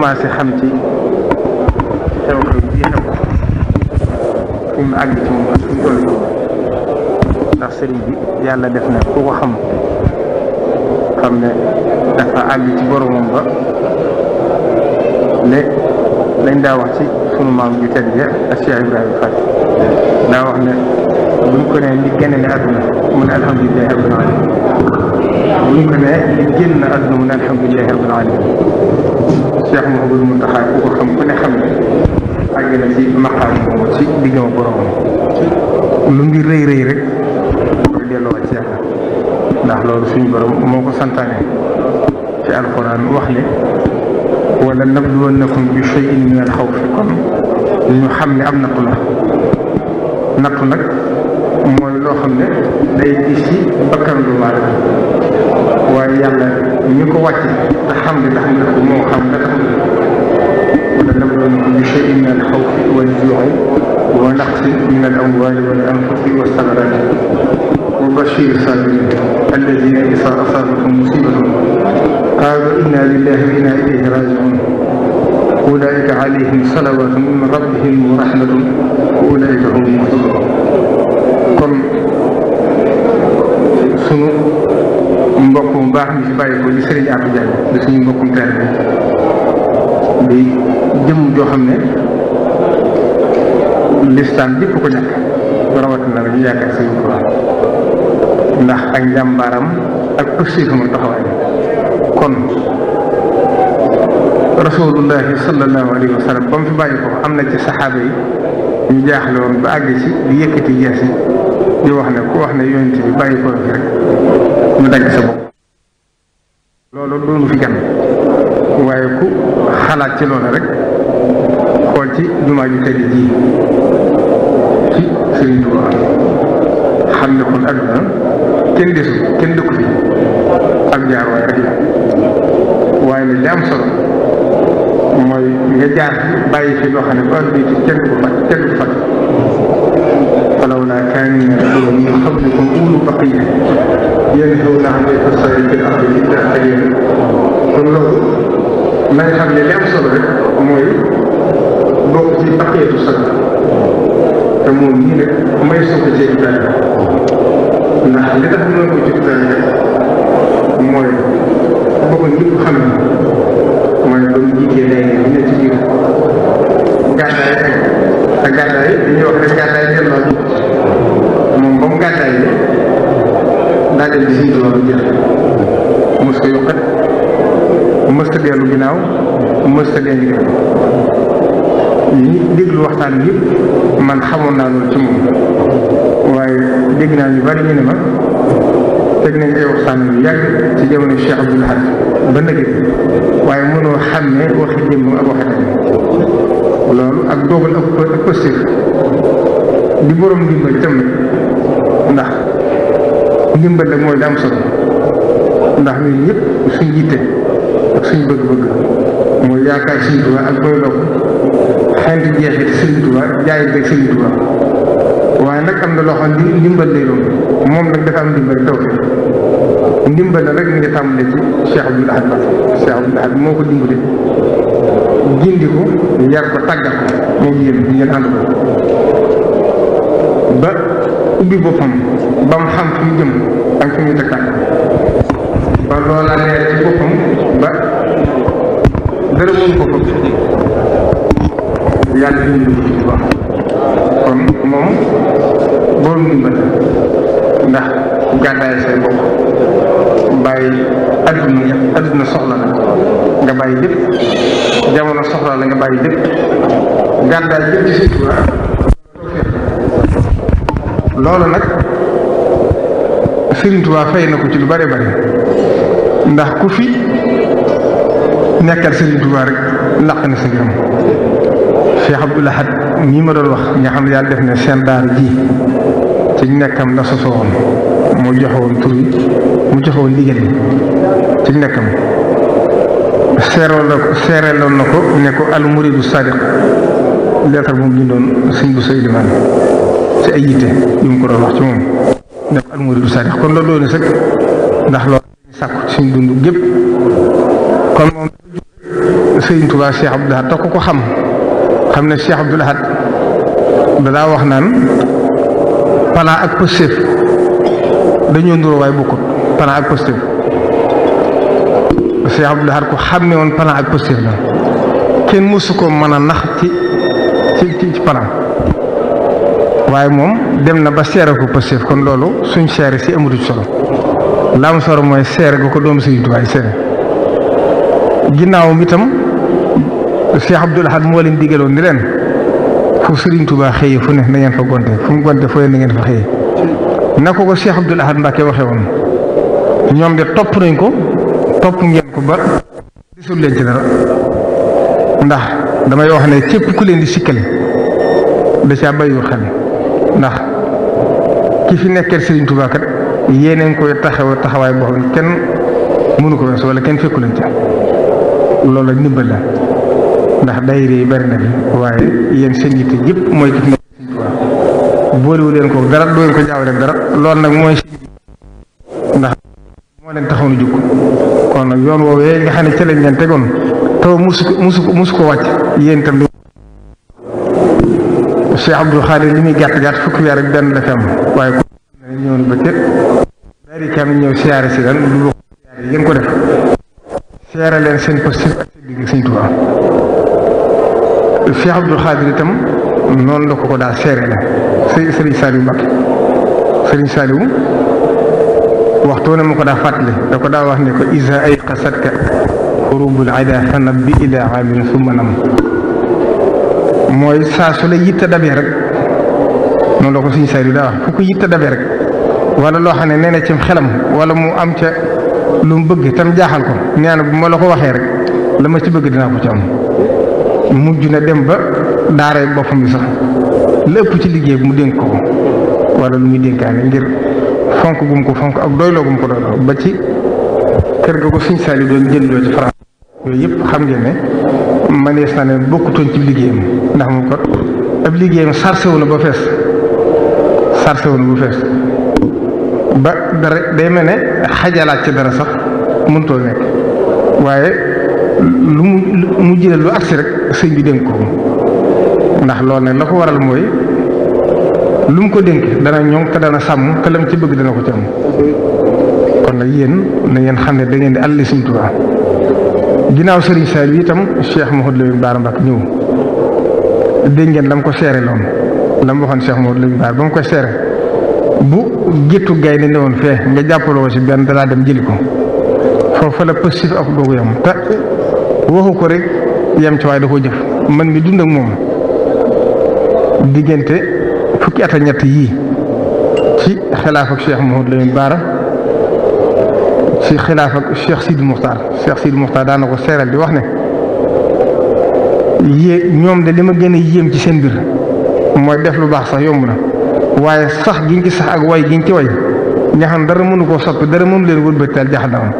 commencé xam ci xew xew bii xew mu àgg ci moom ak fu mu toll bi yàlla def na ku ko xam ne dafa àgg ci boromam ba ne daa wax ci sunu maam ju tedd ja ak Cheikh Ibrahima daa wax ne buñ ko nee li génne ne àdduna mu ne alhamdulilah rabbil alamin ñu ko ne génn àdduna mu ne alhamdulilahi rabbil alamin Cheikh Mouhamadou Mountakha ku ko xam ku ne xam ne àgg na ci maqaam boobu ci diggam ak boromam lu ngi rëy rëy rek koy delloo ci yàlla ndax loolu suñu borom moo ko santaane ci alquran wax ne wala nabluwannakum bi shay'in min al xawfi kon ñu xam ne am nattu la nag mooy loo xam ne day gis ci bakkan lu maanaam waaye yàlla ñi ko wàcce te xam ne ndax ndax moo xam la tax wala nabluukum bi shay'in min al-khawfi wal-juu'i wa naqsin min al-amwaali wal-anfusi was-samaraati wa bashiri as-saabiriin allaziina izaa asaabathum musiibatun qaaluu innaa lillaahi wa innaa ilayhi raaji'uun أولئك عليهم صلوات من ربهم ورحمة وأولئك هم المهتدون kon sunu baax mi fi bàyyi ko di Serigne Atou Diagne suñu mbokkum taal bi di jëm joo xam ne listaan bépp ko ñàkk rawatina la ñu yaakaar sëñ Tuubaa ndax ak njàmbaaram ak pëstéefam taxawaay mu fi bàyyi ko am na ci saxaaba yi ñu jaaxle woon ba àgg si di yëkkati jees yi di wax ne ku wax ne yonent bi bàyyi ko fi rek mu dagg sa bopp loolu doonu fi gan waaye ku xalaat ci loolu rek xool ci jumaa ju tedd ji ci Sëriñ Tuubaa xam ne kon adduna kenn desu kenn dëkku fi ak jaar waaye rek la waaye nag li am solo mooy nga jaar bàyyi fi loo xam ne ba bii ci kenn du ko fàtt kenn du ko fàtt falaw laa kaanina rasulun min qablikum ulul baqiyya ينهون عن الفساد في الأرض إلا قليلا kon loolu na nga xam ne li am solo rek mooy bokk ci paquetu solo te moom nii nag may soog a jéggi daal ndax li tax mën ko jéggi daal rek mooy bokk ñëpp xam ne mooy ba mu jiitee léegi ñu ne ci biir gàddaay ak gàddaay yi dañuy wax rek laajal di jiite loolu jël ko yokkat mës ko dellu ginnaaw mës ko denc ginnaaw ñi déglu waxtaan bi man xamoon naa loolu waaye dégg naa ñu bari ñu ne ma teg nañ ay waxtaan yu yàgg ci jamono Cheikh Abdoul Ahad ba waaye mënoo xam ne waxi démb ak waxi tey loolu ak dogal ak positif di borom dimbal ndax. ndimbal nag mooy li am solo ndax ñun ñëpp suñ yitte ak suñ bëgg-bëgg mooy yaakaar Sëriñ Tuubaa ak doy loo ko xeenti jeexit Sëriñ Tuubaa jaay beeg Sëriñ Tuubaa waaye nag am na loo xam ni ndimbal lay doon moom nag dafa am ndimbal tawfeex ndimbal la rek mi ngi tàmbalee ci Cheikh Abdoul Ahad Cheikh moo ko dimbale gindi ko yar ko tàggat ko moom yéen ngeen ànd ko ubbi boppam ba mu xam fi mu jëm ak fi mu dëkkaat ba loola leer ci boppam ba dara moom ko yàlla fi mu ci baax kon moom borom ndimbal ndax gàddaay say bopp bàyyi adduna adduna soxla la nga bàyyi lépp jamono soxla la nga bàyyi lépp gàddaay yëpp loolu nag Serigne Touba fay na ko ci lu bare bare ndax ku fi nekkal Serigne Touba rek laq na sa ngërëm Cheikh Abdoul Ahad ñi ma doon wax nga xam ne yàlla def ne seen daara ji ci nekkam la sosoo woon mu joxewoon tur yi mu joxewoon liggéey ci nekkam seeroo la ko seereeloon na ko ne ko al muridu sadiq leetar moom bindoon sëñ bu Seydou Mane ci ay yitte yu mu ko doon wax ci moom def ko almuridu saadix kon loolu doon sëkk ndax loolu dañuy sàkku dund gépp kon moom sëriñ Tuubaa Cheikh Abdoul te ku ko xam xam ne Cheikh Abdoul Ahad dadaa wax naan plan ak positif dañoo nuroo waaye bokkut plan ak positif Cheikh Abdoul Ahad ku xam ne woon plan ak positif la kenn mësu ko mën a nax ci ci ci plan waaye moom dem na ba seere ko pëstéef kon loolu suñ seere si amatu solo la am solo mooy seere ga ko doom Sëriñ Tuubaa seere ginnaawam itam Cheikh Abdoul Ahad moo leen digaloon ni leen fu Sëriñ Tuubaa xëye fu ne na ngeen fa gonte fu mu gonte fooy na ngeen fa xëye na ko ko Cheikh Abdoul Ahad Mbacke waxe woon ñoom de topp nañ ko topp ngeen ko ba gisul leen ci dara ndax damay wax ne képp ku leen di sikkal da caa bàyyiwul xel ndax ki fi nekkee Serigne Touba kat yéen a koy taxaw taxawaay boo xam ne kenn mënu ko weesu wala kenn fekku leen ca loolu ndimbal la ndax daayira yi bari na fi waaye yéen seen yitte yëpp mooy ki fi nekk Serigne Touba boolewu leen ko dara doo leen ko jaawale dara loolu nag mooy ndax moo leen taxaw nu jukk kon nag yoon woowee nga xam ne ca lañ leen tegoon taw musu musu ko wàcc yéen itam Cheikh Abdou Khadir li muy gàtt gàtt fukki weer ak benn la fi am waaye ko ñëwoon ba cër bari ci ñëw siyaare si leen lu siyaare yi ngeen ko def siyaare leen seen positif ak seen digg itam noonu la ko ko daa seere la sëñ Sëriñ Saliou Mbacke Sëriñ Saliou waxtu ne ma ko daa fàttali da ko daa wax ne ko isa ay xasatka xurubul ada fanab bi ila amin summa nam mooy saa su la yitte dabee rek noonu la ko suñu saa daa wax fu ko yitte dabee rek wala loo xam ne nee na ci xelam wala mu am ca lu mu bëgg tam jaaxal ko nee na bu ma la ko waxee rek la ma ci bëgg dinaa ko ci am mujj na dem ba daaray boppam bi sax lépp ci liggéey bi mu dénk ko wala lu muy dénkaane ngir fonk gum ko fonk ak doyloo gum ko doyloo ba ci kër ga ko suñu saa yu doon jëndoo ci France yooyu yëpp xam ngeen manees na ne bokkutoon ci liggéeyam ndax moom ko ab liggéeyam sarsewu na ba fees sarsewu na bu fees ba dara day mel ne xajalaat ci dara sax mëntoo nekk waaye lu mu mu jële lu agsi rek sëñ bi dénk ko ndax loolu ne la ko waral mooy lu mu ko dénk dana ñoom te dana sàmm te lam ci bëgg dana ko ci am kon nag yéen na ngeen xam ne da di àlli Sëñ ginnaaw Serigne Saliou yi itam Cheikh Mouhamadou Lamine Bara Mbacké ñëw dégg ngeen la mu ko seere loon la mu waxoon Cheikh Mouhamadou Lamine Bara ba mu ko seere bu géttu gay ne ne woon fee nga jàppaloo ko si benn danaa dem jëli ko foofu la positif ak doogu yam te waxu ko rek yam ci waaye da koo jëf man mi dund ak moom diggante fukki at ñett yii ci xilaaf ak Cheikh Mouhamadou Lamine Bara ci xilaaf ak Cheikh Sidi Moukhtar Cheikh Sidi Moukhtar daan na ko seeral di wax ne yé ñoom de li ma gën a yéem ci seen mbir mooy def lu baax sax yomb na waaye sax giñ ci sax ak way giñ ci way ña xam dara mënu koo soppi dara mënu leen wëlbateel jaxandaam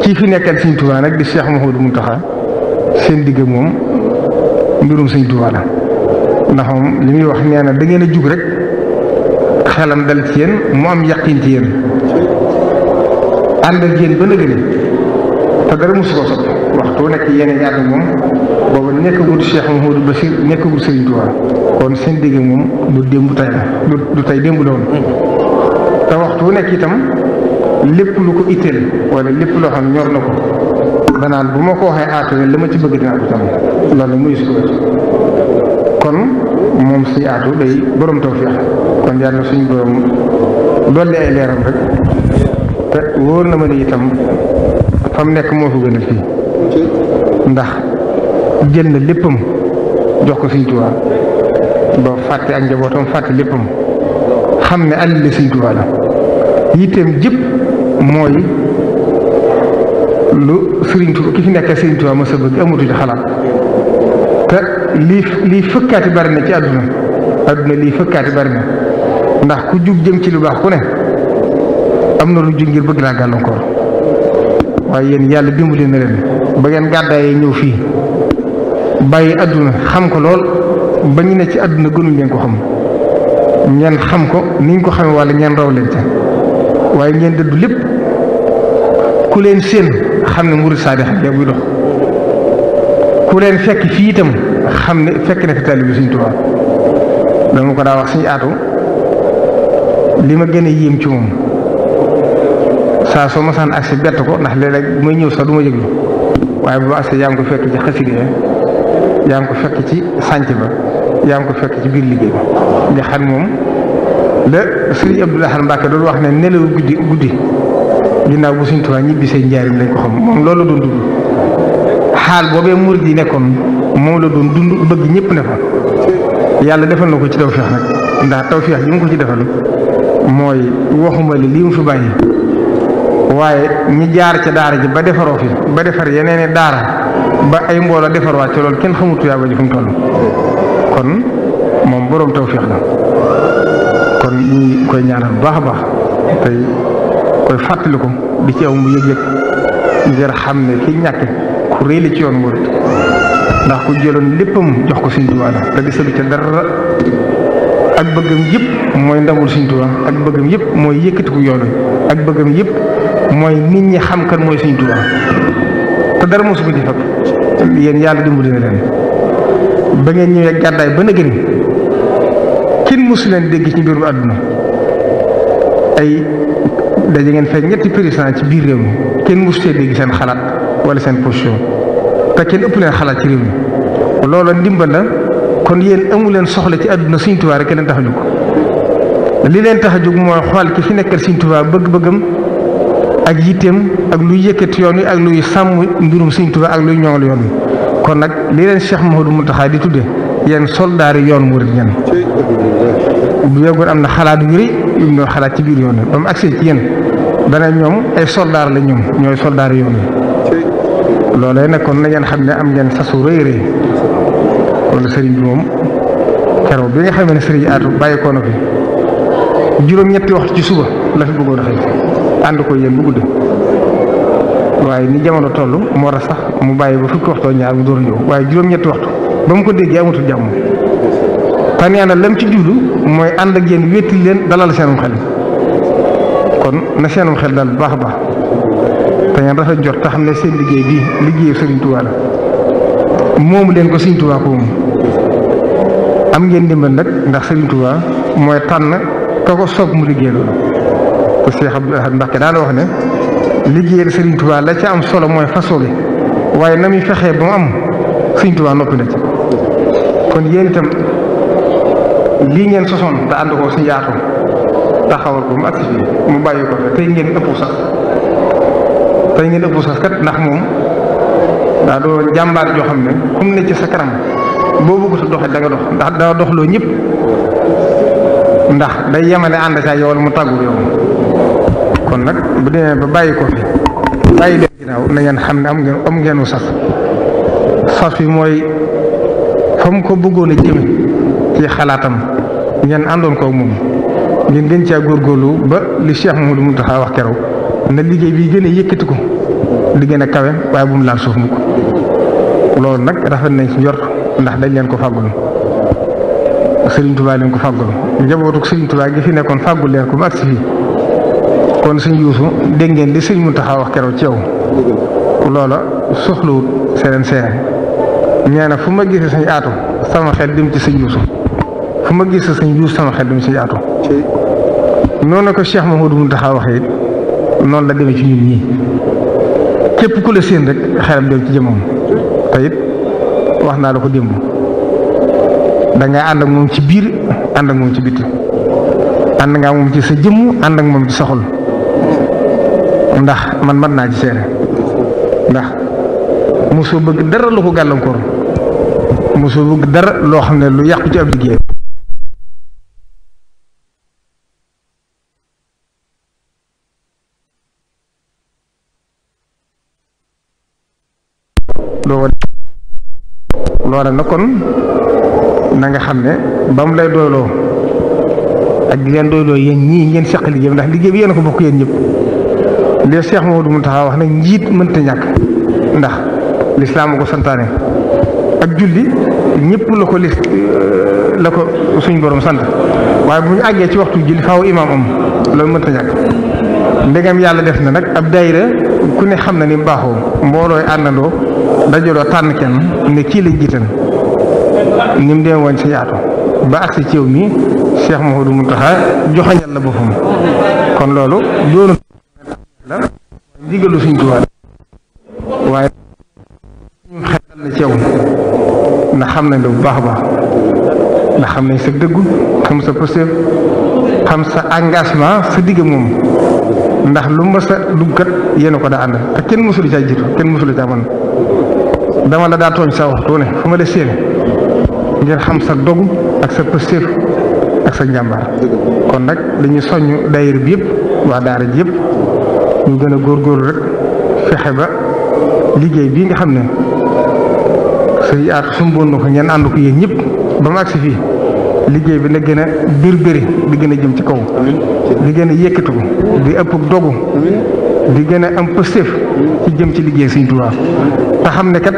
kii fi nekkal Sëñ Tuubaa nag di Cheikh Mouhamadou Mountakha seen digg moom mbirum Sëñ Tuubaa la ndax moom li muy wax nee na da ngeen a jug rek xelam dal ci yéen mu am yaqin ci ànd ak yéen ba nga gën te dara mosu ko soppi waxtu nekk yéen a moom boobu nekkagul Cheikh Mouhamadou Bassir nekkagul Serigne Touba moom du démb tey la du démb doon te waxtu nekk itam lépp lu ko itteel wala lépp loo xam ñor na ko danaan bu ma ko waxee aatu la ma ci bëgg dinaa ko tam loolu muy su ko kon moom si aatu day borom tawfeex kon yàlla suñ borom dolli ay leeram rek. te wóor na ma ni itam fa nekk moo fi gën a fii ndax jël na léppam jox ko Sëriñ Tuubaa ba fàtte ak njabootam fàtte léppam xam ne àll la Sëriñ Tuubaa la yitteem jëpp mooy lu Sëriñ Tuubaa ki fi nekk Sëriñ Tuubaa ma sa bëgg amatu xalaat te lii lii fëkkaati bari na ci àdduna àdduna lii fëkkaati bari ndax ku jug jëm ci lu baax ku ne am na lu ngir bëgg naa gàllankoor waaye yéen yàlla dimbali na leen ba ngeen gàddaayee ñëw fii bàyyi àdduna xam ko lool ba ñu ne ci àdduna gënuñ leen ko xam ngeen xam ko niñ ko xamee wala ngeen raw leen ca waaye ngeen dëddu lépp ku leen seen xam ne murid saadix ya buy dox ku leen fekk fii itam xam ne fekk na fi taalibe Sëriñ Tuubaa dama ko daa wax suñu aatu li ma gën a yéem ci moom saa soo ma saan si bett ko ndax léeg-léeg bu may ñëw sax du ma yëglu waaye bu ma agsi yaa ko fekk ci xasida yaa ngi ko fekk ci sànc ba yaa ngi ko fekk ci biir liggéey bi nga xam moom la sëriñ Abdou Lahad Mbacke doon wax ne nelaw guddi guddi ginnaaw bu Sëriñ Tuubaa ñibbi seen njaarim lañ ko xam moom loolu la doon dund xaal boobee murid yi nekkoon moom la doon dund bëgg ñëpp ne fa yàlla defal na ko ci tawfeex nag ndax tawfeex yi mu ko ci defal mooy waxuma li mu fi bàyyi waaye ñi jaar ci daara ji ba defaroo fi ba defar yeneen i daara ba ay mbooloo defarwaat ci loolu kenn xamut tuyaa ba ji fu mu toll kon moom boroom tawféex la kon ñi koy ñaanal baax a baax tey koy fàttaliku di ci aw mu yëg-yëg ngir xam ne ki ñàkk ku réy ci yoon wóor ndax ku jëloon léppam jox ko Sëriñ Tuubaa la te gisalu ca dara ak bëggam yëpp mooy ndamul Sëriñ Tuubaa ak bëggam yëpp mooy yëkkatiku yoon ak bëggam yëpp mooy nit ñi xam kan mooy suñu Tuubaa te dara mosu bi ci fekk yéen yàlla dimbali na leen ba ngeen ñëwee gàddaay ba na gëni kenn mosu leen dégg ci mbirum àdduna ay daje ngeen fekk ñetti président ci biir réew mi kenn mosu see dégg seen xalaat wala seen position te kenn ëpp leen xalaat ci réew mi loola ndimbal la kon yéen amu leen soxla ci àdduna suñu Tuubaa rek leen tax a jóg li leen tax a jóg mooy xool ki fi nekkal suñu Tuubaa bëgg-bëggam ak yitteem ak luy yëkkati yoon wi ak luy sàmm mbirum Sëriñ Tuubaa ak luy ñoŋal yoon wi kon nag li leen du Mouhamadou Mountakha di tudde yéen soldaar yi yoon murid ñen bu yeggoon am na xalaat yu yu mu doon xalaat ci biir yoon wi ba mu agsee ci yéen dana ñoom ay soldaar la ñoom ñooy soldaar yoon wi loolee nag kon na ngeen xam ne am ngeen sasu rëy rëy kon sëriñ bi moom keroog bi nga xam ne sëriñ Atou bàyyi ko na fi juróom-ñetti wax ci suba la fi bëggoon ànd ko yéen bu guddi waaye ni jamono toll moo tax sax mu bàyyi ba fukki waxtoo ñaar mu door ñëw waaye juróom-ñetti waxtu ba mu ko déggee amatul jàmm te nee na lam ci jublu mooy ànd ak yéen wétti leen dalal seenum xel kon na seenum xel daal bu baax a baax te ngeen rafet jot te xam ne seen liggéey bi liggéeyu Sëriñ la moomu leen ko Sëriñ Tuubaa ko moom am ngeen ndimbal nag ndax Sëriñ Tuubaa mooy tànn ka ko soog mu liggéey loolu te Cheikh Abdou Ahad Mbacké daana wax ne liggéeyal Serigne Touba la ca am solo mooy façon bi waaye na muy fexee ba mu am Serigne Touba noppi na ci kon yéen itam lii ngeen sosoon te ànd ko si yaatu taxawal ko mu agsi fii mu bàyyi ko te tey ngeen ëpp sax tey ngeen ëpp sax kat ndax moom daa doo jàmbaar joo xam ne kum ne ci sa kanam boo bëgg sa doxee da nga dox ndax daa doxloo ñëpp. ndax day yemale ànd saa yow mu tàggu yow kon nag bu demee ba bàyyi ko fi bàyyi leen ginnaaw na ngeen xam ne am ngeen am ngeenu saf saf yi mooy fa mu ko bëggoon a jëme ci xalaatam ngeen àndoon ko moom ngeen gën caa góorlu ba li Cheikh Mouhamadou Mountakha wax keroog na liggéey bi gën a yëkkati ko di gën a kawe waaye bu mu laal suuf mu loolu nag rafet nañ ci njort ndax dañ leen ko fàggul Serigne Touba leen ko fàggul njabootuk Serigne Touba gi fi nekkoon fàggul leen ko ba si fii kon suñ yuusu dégg ngeen li mun taxa wax keroog ci yow loola soxlawut seen seere nee na fu ma gisee sañ aatu sama xel dem ci sëñ yuusu fu ma gis sañ yuusu sama xel dem ci sëñ aatu noonu la ko Cheikh Mouhamadou Mountakha waxee it noonu la demee ci ñun ñii képp ku la séen rek xelam dem ci jëmmam te it wax naa la ko démb da ngay ànd moom ci biir ànd moom ci bitti ànd ngaa moom ci sa jëmm àndak moom ci sa xol ndax man man naa ci seere ndax mosoo bëgg dara lu ko gàllankoor mosoo bëgg dara loo xam ne lu yàqu ci ab liggéey loola nag kon na nga xam ne ba mu lay doyloo ak di leen doyloo yéen ñii ngeen seq liggéey ndax liggéey bi yéen ko bokk yéen ñëpp li Cheikh Mamadou Mountakha wax na njiit mënta ñàkk ndax lislaam ko santaane ak julli ñëpp la ko lis ko suñ borom sant waaye bu ñu àggee ci waxtu julli faaw imaam am loolu mënta ñàkk ndegam yàlla def na nag ab dayre ku ne xam ne ni baaxoo mboolooy àndandoo dajaloo tànn kenn ne kii lañ jiital ni mu dee woon ci yaatu ba agsi ci yow mi Cheikh Mouhamadou Mountakha joxañal la boppam kon loolu doonu la ndigalu suñ tubaab waaye ñu la ci yow ndax xam nañ la bu baax a baax ndax xam nañ sa dëggu xam sa posture xam sa engagement sa digg moom ndax lu ma sa duggat yéen ko daa ànd te kenn mësul caa jiitu kenn mësul caa mën dama la daa tooñ sa waxtu ne fu ma la séenee ngir xam sa dogu ak sa pëstéef ak sa njàmbaar kon nag dañu soññ daayir bi yëpp waa daara ji yëpp ñu gën a góor góorgóorlu rek fexe ba liggéey bii nga xam ne sëñ aat sumboon na ko ngeen ànd ko yéen ñëpp ba mu agsi fii liggéey bi na gën a bir biri di gën a jëm ci kaw di gën a yëkkatu di ëpp dogu di gën a am pëstéef ci jëm ci liggéey Sëñ Tuubaa te xam ne kat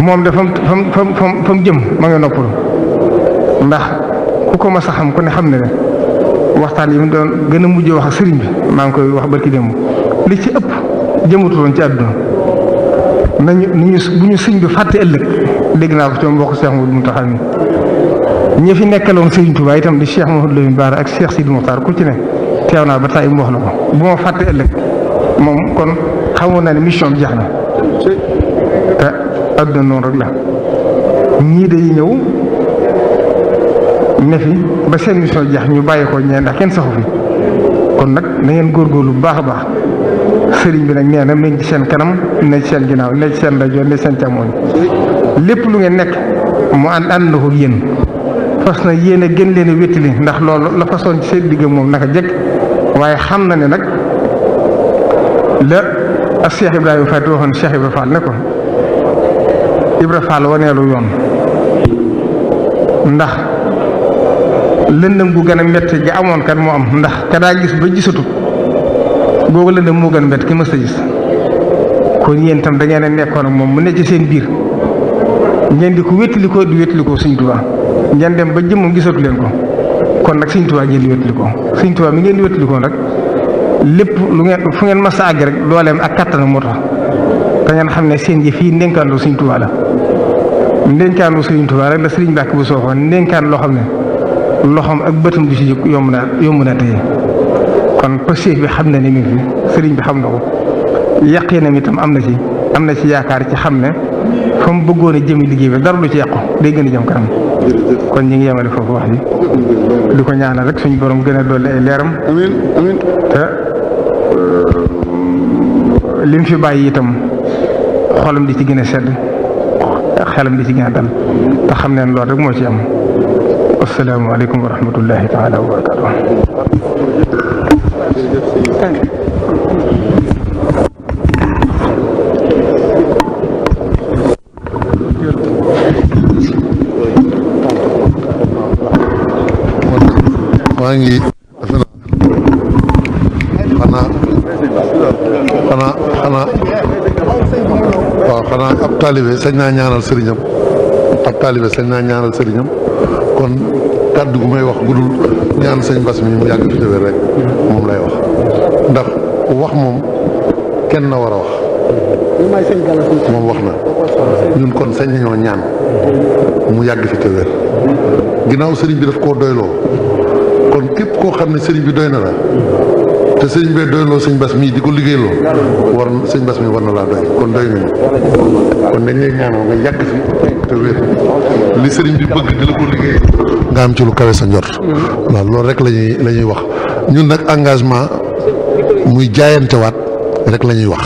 moom de fa mu fa mu fa mu jëm ma nga noppalu ndax ku ko mas a xam ku ne xam ne ne waxtaan yi mu doon gën a mujj wax ak sëriñ bi maa ngi koy wax barki démb li ci ëpp jëmatuloon ci àdduna nañu ni ñu bu ñu sëñ bi fàtte ëllëg dégg naa ko ci mbokk Cheikh Mouhamadou Mountakha mi ñi fi itam di Cheikh Mouhamadou Lamine Bara ak Cheikh Sidi Mokhtar naa ba tay mu wax na ko bu ma fàtte ëllëg moom kon xamoon naa ne mission jeex na àdduna noonu rek la ñii day ñëw ne fi ba seen mission jeex ñu bàyyi ko ñee ndax kenn saxu fi kon nag na góor góorgóorlu baax a baax sëriñ bi nag nee na ci seen kanam ne seen ginnaaw ne ci seen rajo ne ci seen càmmoñ lu ngeen nekk mu ànd ànd na ko yéen fas na yéen a gën leen a wéttali ndax loolu la façon ci seen digg moom a jekk waaye xam na ne nag la ak Cheikh Ibrahima Faty waxoon Cheikh Ibrahima Fall ne ko Ibra Fall waneelu yoon ndax lëndëm gu gën a mett ga amoon kan mu am ndax ka daa gis ba gisatu googu lëndëm moo gën a métti ki mës a gis kon yéen tam da a nekkoon ak moom mu ne ci seen biir ngeen di ko wéttilikoo di wéttilikoo Sëñ Tuubaa ngeen ba jëmmam gisatu leen ko kon nag Sëñ Tuubaa ngeen di wéttilikoo Sëñ Tuubaa mi ngeen di wéttilikoo nag lépp lu ngeen fu ngeen mas a àgg rek dooleem ak kattanam moo tax da ngeen xam ne seen yëf yi ndénkaandu Sëñ Tuubaa ndénkaanu Serigne Touba rek la Serigne Mbacke bu sooxoon ndénkaan loo ne loxoom ak bëtam du ci yomb naa yomb na tey kon pêche bi xam na ne mi ngi fi Serigne bi xam na ko yaqinam itam am na ci am na ci yaakaar ci xam ne fa bëggoon a jëmi liggéey bi lu ci yàqu day gën a kon ñu ngi yemale foofu di ko ñaanal rek suñu borom gën a dolli leeram. amiin te lim fi bàyyi itam xolam di ci gën a sedd. xelam di ci gën a dal te xam ne loolu rek moo ci am asalaamaaleykum wa rahmatullahi taala wa barakaatu. maa ngi. taalibe sañ naa ñaanal sëriñam ab taalibe sañ naa ñaanal sëriñam kon kàddu gu may wax gudul ñaan sëñ Bass mi mu yàgg fi tëwér rek moom lay wax ndax wax moom kenn na war a wax moom wax na ñun kon sañ nañoo ñaan mu yàgg fi tëwér ginnaaw sëriñ bi daf koo doyloo kon képp koo xam ne sëriñ bi doy na la te sëñ bee doyloo sëñ bas mii di ko liggéeyloo war sëñ bas mi war na laa li sëriñ bi bëgg di la ko liggéey nga am ci lu kawe sa njort waaw loolu rek lañuy ñuy wax ñun nag engagement muy jaayantewaat rek la lañuy wax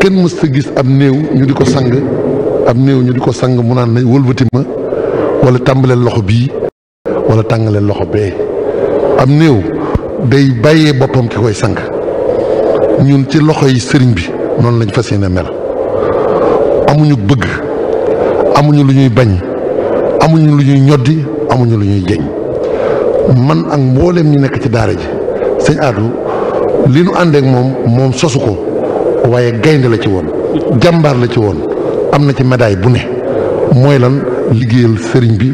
kenn mës ta gis am néew ñu di ko sang am néew ñu di ko sang mu naan na wëlbati ma wala tàmbaleel loxo bii walla tàngaleel loxo bee am néew day bàyyee boppam ki koy sang ñun ci loxo yi sëriñ bi noonu lañ fas yéene mel amuñu bëgg amuñu lu ñuy bañ amuñu lu ñuy ñoddi amuñu lu ñuy jeñ man ak mbooleem ñu nekk ci daara ji sëñ Aadu li nu àndeek moom moom sosu ko waaye gaynde la ci woon jàmbaar la ci woon am na ci medaay bu ne mooy lan liggéeyal sëriñ bi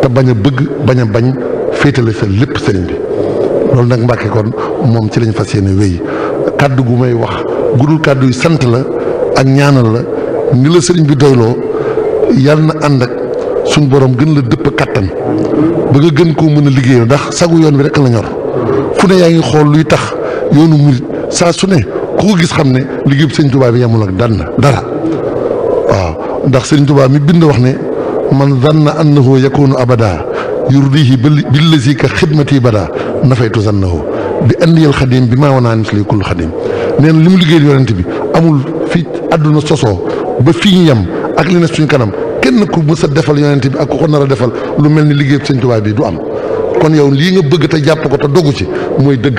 te bañ a bëgg bañ a bañ féetale sa lépp sëriñ bi loolu nag Mbàkke kon moom ci lañ fas yéene wéy kàddu gu may wax gudul kàddu sant la ak ñaanal la ni la sëriñ bi doyloo yal na ànd ak suñ borom gën la dëpp kàttan ba nga gën koo mën a liggéey ndax sagu yoon bi rek la ñor fu ne yaa ngi xool luy tax yoonu murit saa su ne ku ko gis xam ne liggéey bu sëriñ Tuubaa bi yemul ak dara dara waaw ndax sëriñ Tuubaa mi bind wax ne man zanna annahu yakunu abada yurdihi billazi ka xidmati badaa nafaytu zannahu bi indi andiyal xadim bi maa wanaa misli kullu xadim nee na li mu liggéey yonent bi amul fii àdduna sosoo ba fii ñu yem ak li ne suñ kanam kenn ku mës a defal yonent bi ak ku ko nar a defal lu mel ni liggéey sëñ Tuubaa bi du am kon yow lii nga bëgg te jàpp ko te dogu ci mooy dëgg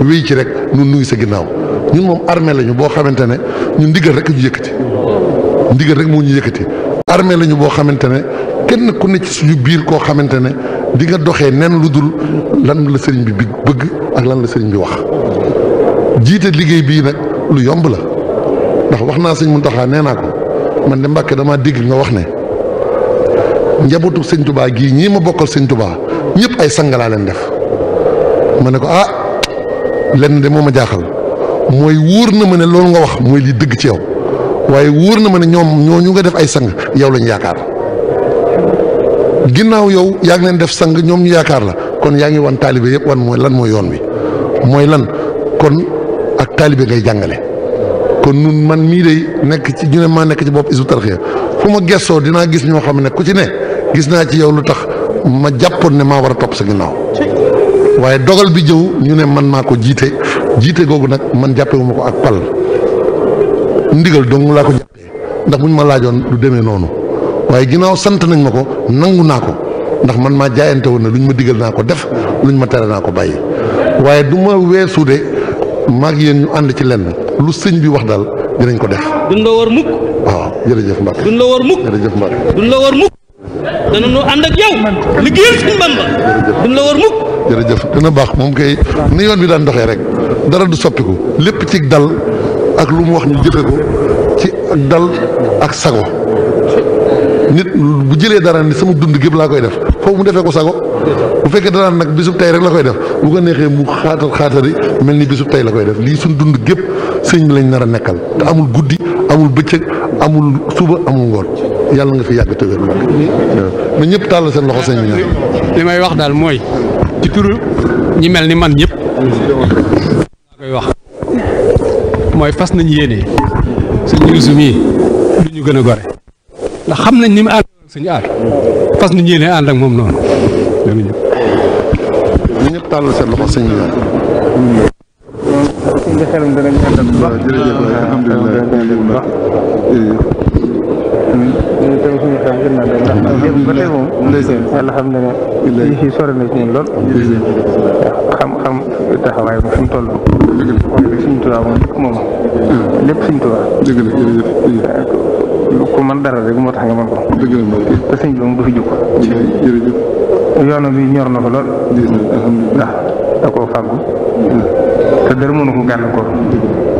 wéy ci rek nu ngi sa ginnaaw ñun moom armée lañu boo xamante ne ñu ndigal rek ñu yëkkati ndigal rek moo ñu yëkkati armée lañu boo xamante ne kenn ku ne biir koo xamante ne di nga doxee nen lu dul lan la sëriñ bi bëgg ak lan la sëriñ bi wax jiite liggéey bii nag lu yomb la ndax wax naa sëñ Muntaxa nee naa ko man de Mbàkke damaa digg nga wax ne njabootu sëñ Tubaa gii ñii ma bokkal sëñ Tubaa ñëpp ay sang laa leen def ma ne ko ah lenn de moom ma jaaxal mooy wóor na ma ne loolu nga wax mooy li dëgg ci yow waaye wóor na ma ne ñoom ñoo ñu nga def ay sang yow lañ yaakaar ginnaaw yow yaa ngi leen def sang ñoom ñu yaakaar la kon yaa ngi wan taalibe yëpp wan mooy lan mooy yoon bi mooy lan kon ak taalibe ngay jàngale kon nun man mii de nekk ci ñu ne maa nekk ci bopp Hizbut Tarqiyyah fu ma gessoo dinaa gis ñoo xam ne ku ci ne gis naa ci yow lu tax ma jàppoon ne maa war a topp sa ginnaaw waaye dogal bi jëw ñu ne man maa ko jiite jiite googu nag man jàppewuma ko ak pal ndigal dong laa ko jàppee ndax buñ ma laajoon du demee noonu waaye ginnaaw sant nañ ma ko nangu naa ko ndax man maa jaayante woon ne lu ma digal naa ko def luñ ma tere naa ko bàyyi waaye du ma weesu de maag yéen ñu ànd ci lenn lu sëñ bi wax daal dinañ ko def. duñ la war mukk. waaw jërëjëf Mbacke. duñ la baax moom kay ni yoon bi daan doxee rek dara du soppiku lépp ci dal ak lu mu wax ñu jëfe ko ci dal ak sago. nit bu jëlee dara ni sama dund gépp laa koy def foofu mu defee ko sago bu fekkee dara nag bisu tey rek la koy def bu ko neexee mu xaatal xaatari mel ni bisub tey la koy def lii suñ dund gépp sëñ bi lañ nar a nekkal te amul guddi amul bëccëg amul suba amul ngoon yàlla nga fi yàgg te wér na ñëpp tàll seen loxo sëñ bi li may wax daal mooy ci turu ñi mel ni man ñëpp koy wax mooy fas nañ yéene suñu yusum yi lu ñu gën a gore ndax xam nañ ni mu ànd ak suñu aar fas nañ yéene ànd ak moom noonu loolu ñëpp. toll lépp suñ tubaab lépp suñ tubaab ku mën dara rek moo tax nga mën ko. dëgg la te sëñ bi du fi jóg. jërëjëf bi ñor na ko lool. da koo fàggu. te dara mënu ko gàllankoor.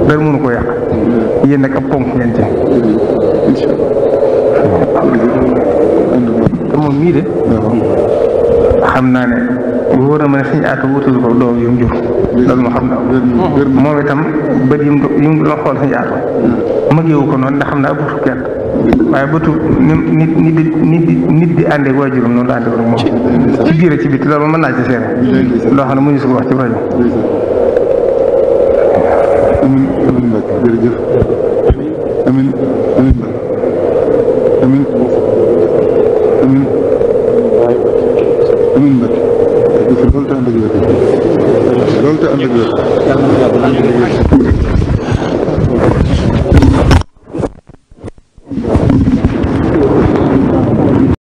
dara mënu ko yàq. yéen nag ab ponk ngeen ci. incha moom naa ne wóor ma ne suñu ko doom yu xam itam bët yi mu xool suñu aata mag ko noonu ndax xam naa bu fukki at waaye ba tu ni nit di nit di àndeeg waajuram noonu la àndeeg moom ci biir ci biti loolu mën naa ci seere loo xam